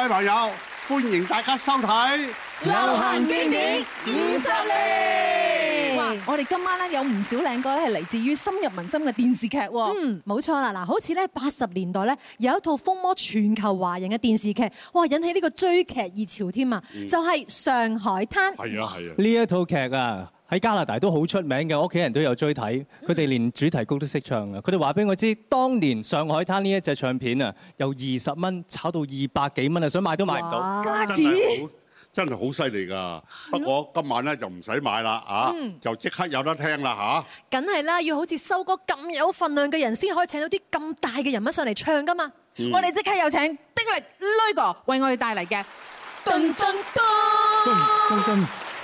各位朋友，歡迎大家收睇《流行經典五十年》年哇。我哋今晚咧有唔少靚歌咧係嚟自於深入民心嘅電視劇。嗯，冇錯啦，嗱，好似咧八十年代咧有一套風靡全球華人嘅電視劇，哇！引起呢個追劇熱潮添啊，嗯、就係《上海灘》。係啊，係啊，呢一套劇啊～喺加拿大都好出名嘅，屋企人都有追睇，佢哋連主題曲都識唱嘅。佢哋話俾我知，當年上海灘呢一隻唱片啊，由二十蚊炒到二百幾蚊啊，想買都買唔到。價錢真係好真係好犀利㗎。不過今晚咧就唔使買啦、嗯，啊，就即刻有得聽啦嚇。緊係啦，要好似修哥咁有份量嘅人先可以請到啲咁大嘅人物上嚟唱㗎嘛、嗯。我哋即刻有請丁力呂哥為我哋帶嚟嘅。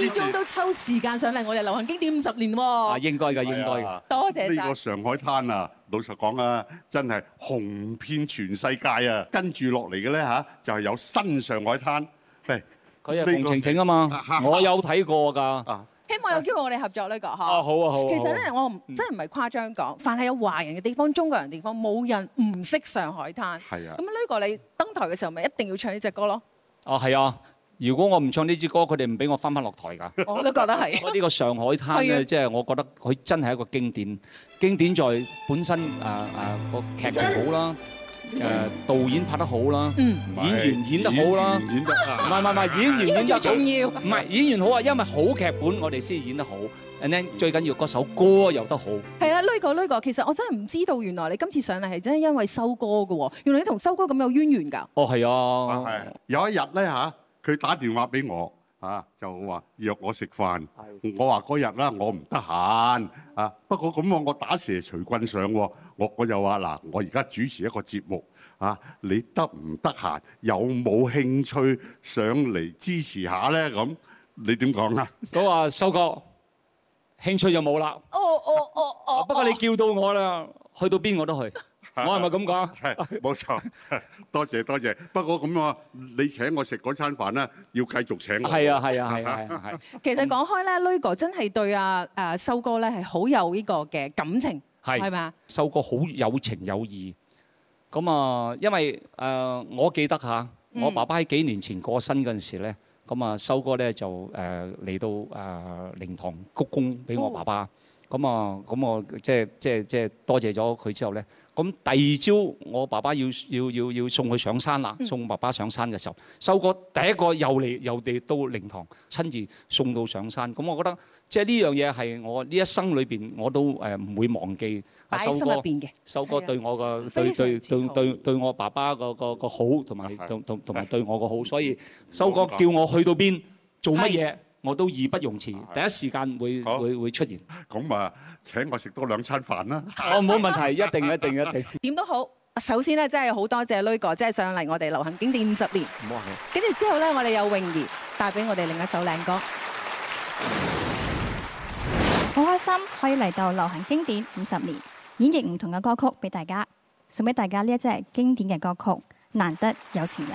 始終都抽時間上嚟，我哋流行經典五十年喎。啊應該，應該㗎，啊、應該。啊、多謝。呢個上海灘啊，老實講啊，真係紅遍全世界啊。跟住落嚟嘅咧吓，就係、是、有新上海灘。佢係紅晴晴啊嘛，我有睇過㗎。希望有機會我哋合作呢、這個嚇、啊。好啊，好，啊好啊其實咧，我真係唔係誇張講，嗯、凡係有華人嘅地方，中國人嘅地方，冇人唔識上海灘。係啊。咁呢個你登台嘅時候咪一定要唱呢隻歌咯。哦，係啊。如果我唔唱呢支歌，佢哋唔俾我翻翻落台㗎。我都覺得係。我呢個上海灘咧，即係我覺得佢真係一個經典。經典在本身誒誒個劇情好啦，誒、啊、導演拍得好啦，嗯，演員演得好啦，演唔演唔唔唔，演，演，員 演員演得重要，唔係演員好啊，因為好劇本我哋先演得好，and then 最緊要嗰首歌又得好。係啦，呂哥呂哥，其實我真係唔知道原，原來你今次上嚟係真係因為修哥㗎喎。原來你同修哥咁有淵源㗎。哦，係啊，係有一日咧嚇。佢打電話俾我，啊，就話約我食飯。我話嗰日啦，我唔得閒。啊，不過咁喎，我打蛇隨棍上。我我又話嗱，我而家主持一個節目，啊，你得唔得閒？有冇興趣上嚟支持下咧？咁你點講啊？佢話修哥興趣就冇啦。哦哦哦哦。不過你叫到我啦，去到邊我都去。我係咪咁講？係，冇錯，多謝多謝。不過咁啊，你請我食嗰餐飯咧，要繼續請我。係啊，係啊，係啊，係。其實講開咧，呂哥真係對阿誒修哥咧係好有呢個嘅感情，係咪啊？修哥好有情有義。咁啊，因為誒，我記得嚇，我爸爸喺幾年前過身嗰陣時咧，咁啊，修哥咧就誒嚟到誒靈堂鞠躬俾我爸爸。咁啊，咁我即係即係即係多謝咗佢之後咧。咁第二朝，我爸爸要要要要送佢上山啦，嗯。送爸爸上山嘅時候，修哥第一個又嚟又嚟到靈堂，親自送到上山。咁我覺得即係呢樣嘢係我呢一生裏邊我都誒唔會忘記阿修哥，修哥對我個對對對對對，對，對我爸爸個個個好，同埋同同同埋對我個好，所以修哥叫我去到邊做乜嘢？我都義不容辭，第一時間會會會出現。咁啊，請我食多兩餐飯啦。哦，冇問題，一定一定一定。點都好，首先呢，真係好多謝修哥，即係上嚟我哋流行經典五十年。唔好客氣。跟住之後呢，我哋有泳兒帶俾我哋另一首靚歌。好開心可以嚟到流行經典五十年，演繹唔同嘅歌曲俾大家，送俾大家呢一隻經典嘅歌曲《難得有情人》。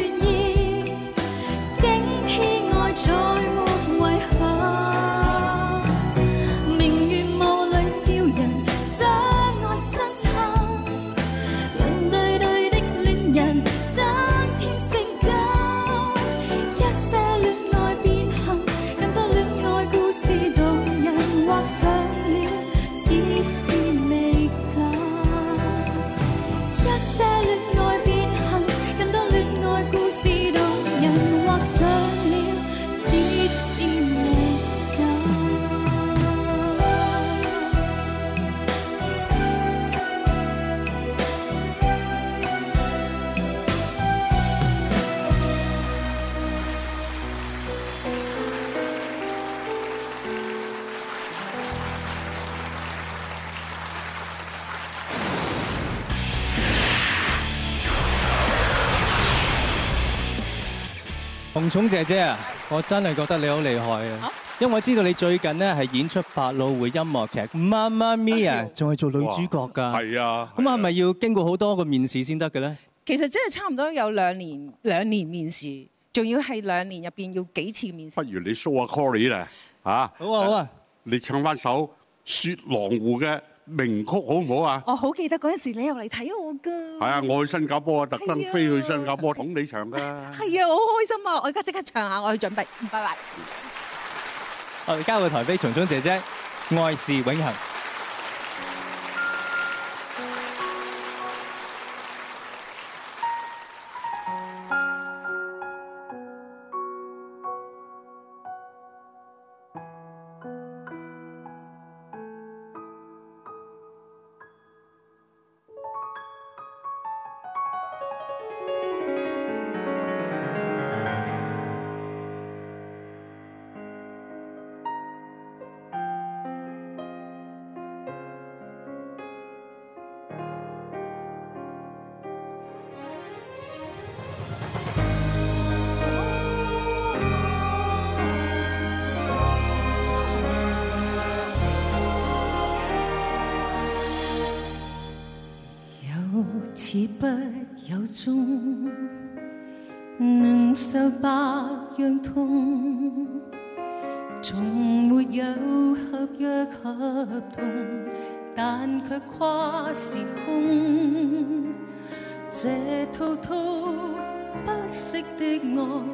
松姐姐啊，我真係覺得你好厲害啊！因為我知道你最近咧係演出百老匯音樂劇《Mamma Mia》，仲係做女主角㗎。係啊，咁係咪要經過好多個面試先得嘅咧？其實真係差唔多有兩年，兩年面試，仲要係兩年入邊要幾次面試。不如你 show 下 Corey 啦，嚇！好啊好啊，你唱翻首《雪狼湖》嘅。名曲好唔好啊？我好記得嗰陣時，你又嚟睇我㗎。係啊，我去新加坡啊，特登飛去新加坡捧你場㗎。係啊，好開心啊！我而家即刻唱下，我去準備。拜拜。我哋交個台俾松松姐姐，《愛是永恆》。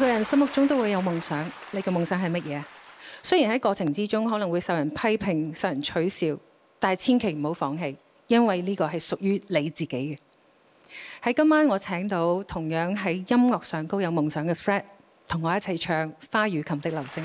每個人心目中都會有夢想，你嘅夢想係乜嘢？雖然喺過程之中可能會受人批評、受人取笑，但係千祈唔好放棄，因為呢個係屬於你自己嘅。喺今晚我請到同樣喺音樂上高有夢想嘅 Fred 同我一齊唱《花與琴的流星》。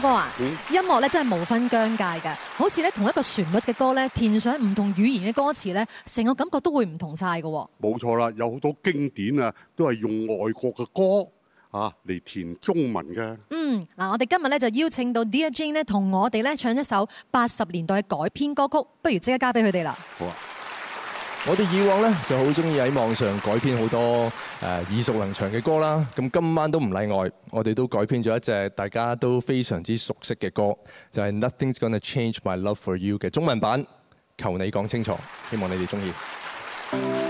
哥啊、嗯，音樂咧真係無分疆界嘅，好似咧同一個旋律嘅歌咧，填上唔同語言嘅歌詞咧，成個感覺都會唔同曬嘅。冇錯啦，有好多經典啊，都係用外國嘅歌啊嚟填中文嘅。嗯，嗱，我哋今日咧就邀請到 Dear Jane 同我哋咧唱一首八十年代嘅改編歌曲，不如即刻交俾佢哋啦。好啊。我哋以往咧就好中意喺網上改編好多誒耳熟能詳嘅歌啦，咁今晚都唔例外，我哋都改編咗一隻大家都非常之熟悉嘅歌，就係，就係 Nothing's gonna change my love for you 嘅中文版，求你講清楚，希望你哋中意。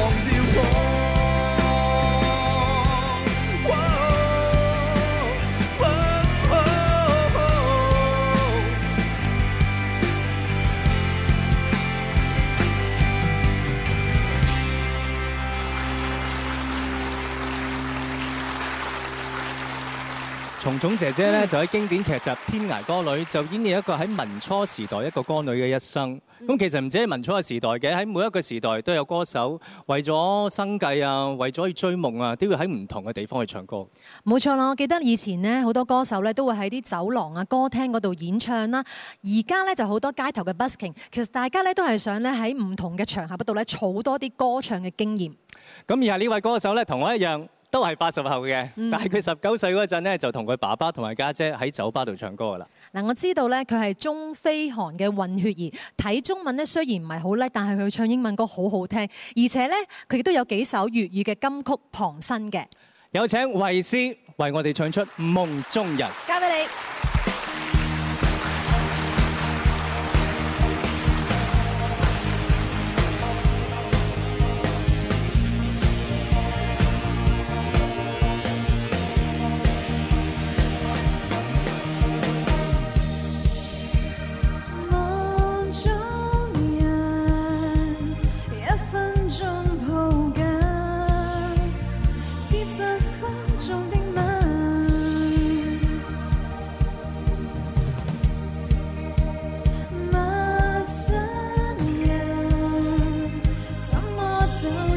松松姐姐咧就喺經典劇集《天涯歌女》就演繹一個喺民初時代一個歌女嘅一生。咁其實唔止喺民初嘅時代嘅，喺每一個時代都有歌手為咗生計啊，為咗去追夢啊，都要喺唔同嘅地方去唱歌。冇錯啦，我記得以前呢，好多歌手咧都會喺啲酒廊啊、歌廳嗰度演唱啦、啊。而家咧就好多街頭嘅 busking，其實大家咧都係想咧喺唔同嘅場合度咧儲多啲歌唱嘅經驗。咁以下呢位歌手咧同我一樣。都係八十後嘅，嗯、但係佢十九歲嗰陣咧，就同佢爸爸同埋家姐喺酒吧度唱歌噶啦。嗱，我知道咧，佢係中非韓嘅混血兒，睇中文咧雖然唔係好叻，但係佢唱英文歌好好聽，而且咧佢亦都有幾首粵語嘅金曲旁身嘅。有請衛詩為我哋唱出夢中人，交俾你。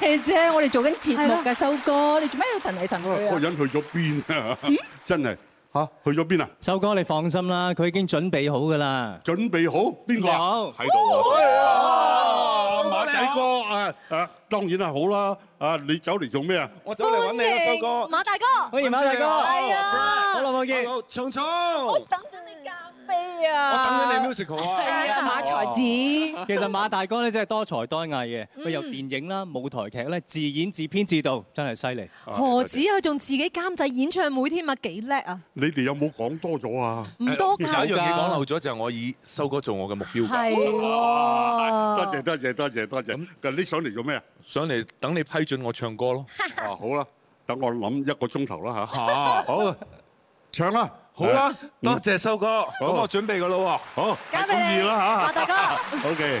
嘅啫，我哋做緊節目噶，修哥，你做咩要騰嚟騰去啊？嗰個人去咗邊啊？真係吓，去咗邊啊？修哥，你放心啦，佢已經準備好噶啦。準備好邊個？喺度啊！馬仔哥啊啊，當然係好啦。啊，你走嚟做咩啊？我走嚟搵你啊，修哥。馬大哥，歡迎馬大哥，係啊，好啦，好耐冇見，松松。我等緊你噶。啊！我等緊你 musical 啊！馬才子，其實馬大哥咧真係多才多藝嘅，佢由電影啦、舞台劇咧自演自編自導，真係犀利。何止？佢仲自己監製演唱會添啊？幾叻啊！你哋有冇講多咗啊？唔多噶。有一樣嘢講漏咗就係我以修哥做我嘅目標。係。多謝多謝多謝多謝。咁，謝謝你上嚟做咩啊？上嚟等你批准我唱歌咯。好啦，等我諗一個鐘頭啦吓。好，唱啦。.好啦，多謝修哥，咁我，我準備嘅啦喎，好，交俾你啦嚇，馬大哥，OK。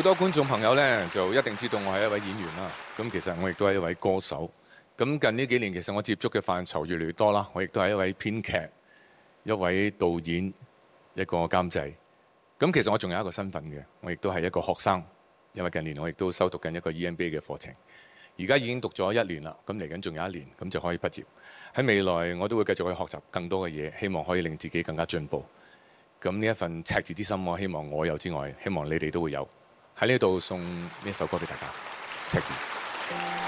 好多觀眾朋友呢，就一定知道我係一位演員啦。咁其實我亦都係一位歌手。咁近呢幾年，其實我接觸嘅範疇越嚟越多啦。我亦都係一位編劇、一位導演、一個監製。咁其實我仲有一個身份嘅，我亦都係一個學生，因為近年我亦都修讀緊一個 EMBA 嘅課程。而家已經讀咗一年啦，咁嚟緊仲有一年，咁就可以畢業。喺未來我都會繼續去學習更多嘅嘢，希望可以令自己更加進步。咁呢一份赤子之心，我希望我有之外，希望你哋都會有。喺呢度送呢首歌俾大家，赤子。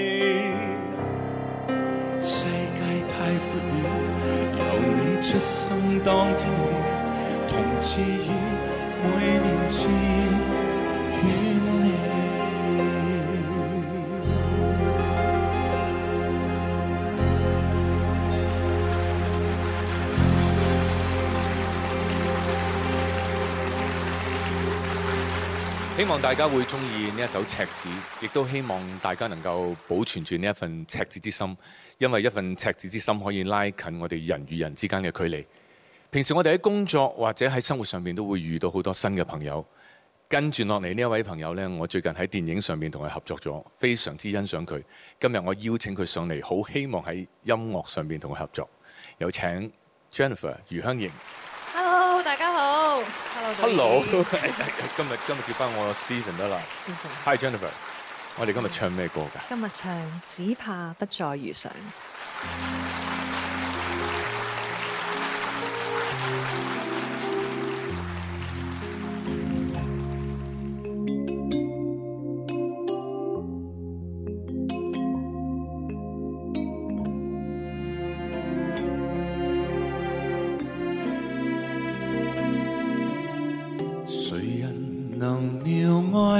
希望大家會中意呢一首赤子，亦都希望大家能夠保存住呢一份赤子之心，因為一份赤子之心可以拉近我哋人與人之間嘅距離。平時我哋喺工作或者喺生活上面都會遇到好多新嘅朋友。跟住落嚟呢一位朋友呢，我最近喺電影上面同佢合作咗，非常之欣賞佢。今日我邀請佢上嚟，好希望喺音樂上面同佢合作。有請 Jennifer 余香凝。Hello，大家好。Hello，嗯、今日今日叫翻我 Steven 得啦。Steven。Hi Jennifer， 我哋今日唱咩歌㗎？今日唱只怕不再遇上。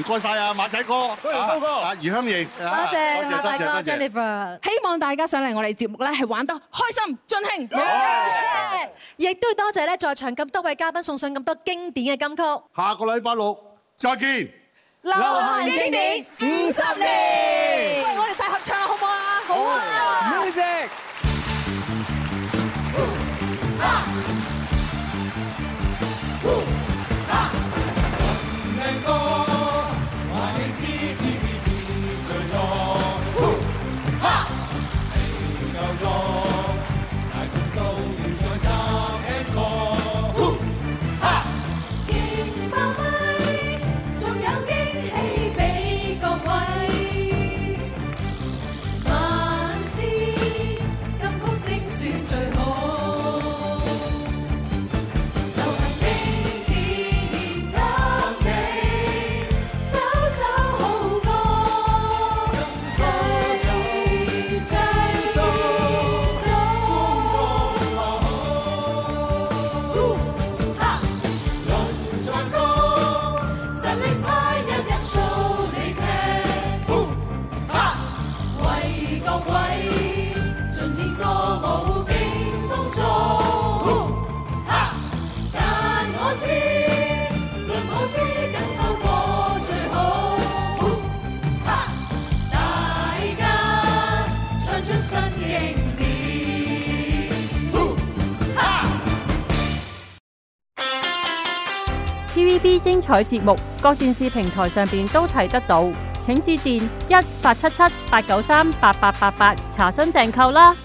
唔該曬啊，馬仔哥，阿余香凝，多謝大家，Jennifer，希望大家上嚟我哋節目咧係玩得開心，盡興，多謝，亦都要多謝咧，在場咁多位嘉賓送上咁多經典嘅金曲。下個禮拜六再見，流行經典五十年，我哋大合唱啦，好唔好啊？好啊！佢節目各電視平台上邊都睇得到，請致電一八七七八九三八八八八查詢訂購啦。